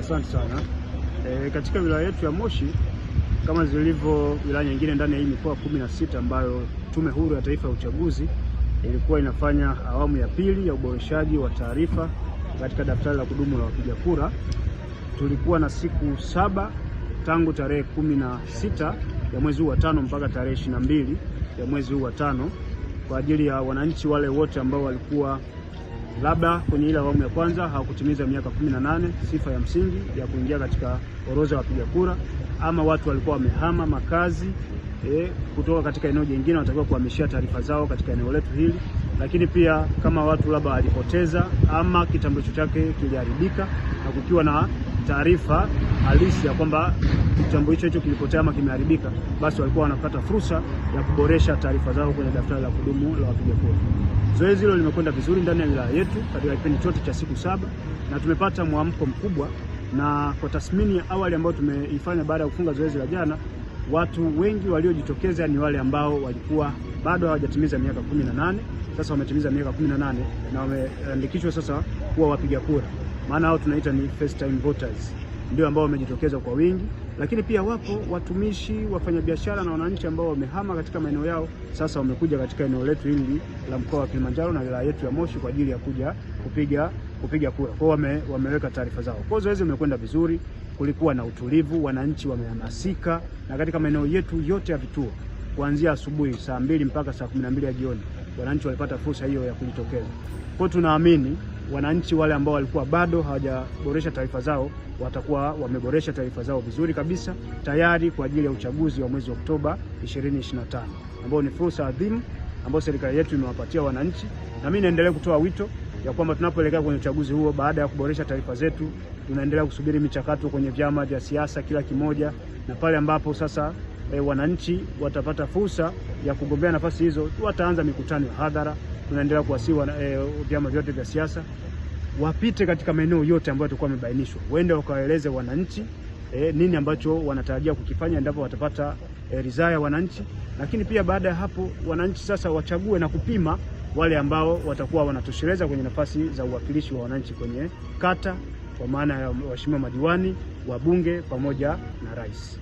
Asante sana. E, katika wilaya yetu ya Moshi kama zilivyo wilaya nyingine ndani ya hii mikoa kumi na sita ambayo Tume Huru ya Taifa ya Uchaguzi ilikuwa inafanya awamu ya pili ya uboreshaji wa taarifa katika daftari la kudumu la wapiga kura, tulikuwa na siku saba tangu tarehe kumi na sita ya mwezi huu wa tano mpaka tarehe ishirini na mbili ya mwezi huu wa tano kwa ajili ya wananchi wale wote ambao walikuwa labda kwenye ile awamu ya kwanza hawakutimiza miaka kumi na nane, sifa ya msingi ya kuingia katika orodha ya wapiga kura, ama watu walikuwa wamehama makazi e, kutoka katika eneo jingine, wanatakiwa kuhamishia taarifa zao katika eneo letu hili. Lakini pia kama watu labda walipoteza ama kitambulisho chake kiliharibika na kukiwa na taarifa halisi ya kwamba kitambo hicho hicho kilipotea ama kimeharibika, basi walikuwa wanapata fursa ya kuboresha taarifa zao kwenye daftari la kudumu la wapiga kura. Zoezi hilo limekwenda vizuri ndani ya wilaya yetu katika kipindi chote cha siku saba na tumepata mwamko mkubwa, na kwa tathmini ya awali ambayo tumeifanya baada ya kufunga zoezi la jana, watu wengi waliojitokeza ni wale ambao walikuwa bado hawajatimiza miaka kumi na nane. Sasa wametimiza miaka kumi na nane na wameandikishwa sasa kuwa wapiga kura maana hao tunaita ni first time voters ndio ambao wamejitokeza kwa wingi, lakini pia wapo watumishi, wafanyabiashara na wananchi ambao wamehama katika maeneo yao, sasa wamekuja katika eneo letu hili la mkoa wa Kilimanjaro na wilaya yetu ya Moshi kwa ajili ya kuja kupiga kupiga kura. Kwao wame, wameweka taarifa zao. Kwa zoezi limekwenda vizuri, kulikuwa na utulivu, wananchi wamehamasika, na katika maeneo yetu yote ya vituo kuanzia asubuhi saa mbili mpaka saa kumi na mbili ya jioni wananchi walipata fursa hiyo ya kujitokeza. Kwa tunaamini wananchi wale ambao walikuwa bado hawajaboresha taarifa zao watakuwa wameboresha taarifa zao vizuri kabisa tayari kwa ajili ya uchaguzi wa mwezi Oktoba 2025 ambao ni fursa adhimu ambayo serikali yetu imewapatia wananchi, na mimi naendelea kutoa wito ya kwamba tunapoelekea kwenye uchaguzi huo, baada ya kuboresha taarifa zetu, tunaendelea kusubiri michakato kwenye vyama vya siasa kila kimoja, na pale ambapo sasa e, wananchi watapata fursa ya kugombea nafasi hizo, wataanza mikutano ya hadhara tunaendelea kuwasihi e, vyama vyote vya siasa wapite katika maeneo yote ambayo yatakuwa yamebainishwa, waende wakawaeleze wananchi e, nini ambacho wanatarajia kukifanya endapo watapata e, ridhaa ya wananchi. Lakini pia baada ya hapo wananchi sasa wachague na kupima wale ambao watakuwa wanatosheleza kwenye nafasi za uwakilishi wa wananchi kwenye kata, kwa maana ya waheshimiwa madiwani, wabunge pamoja na rais.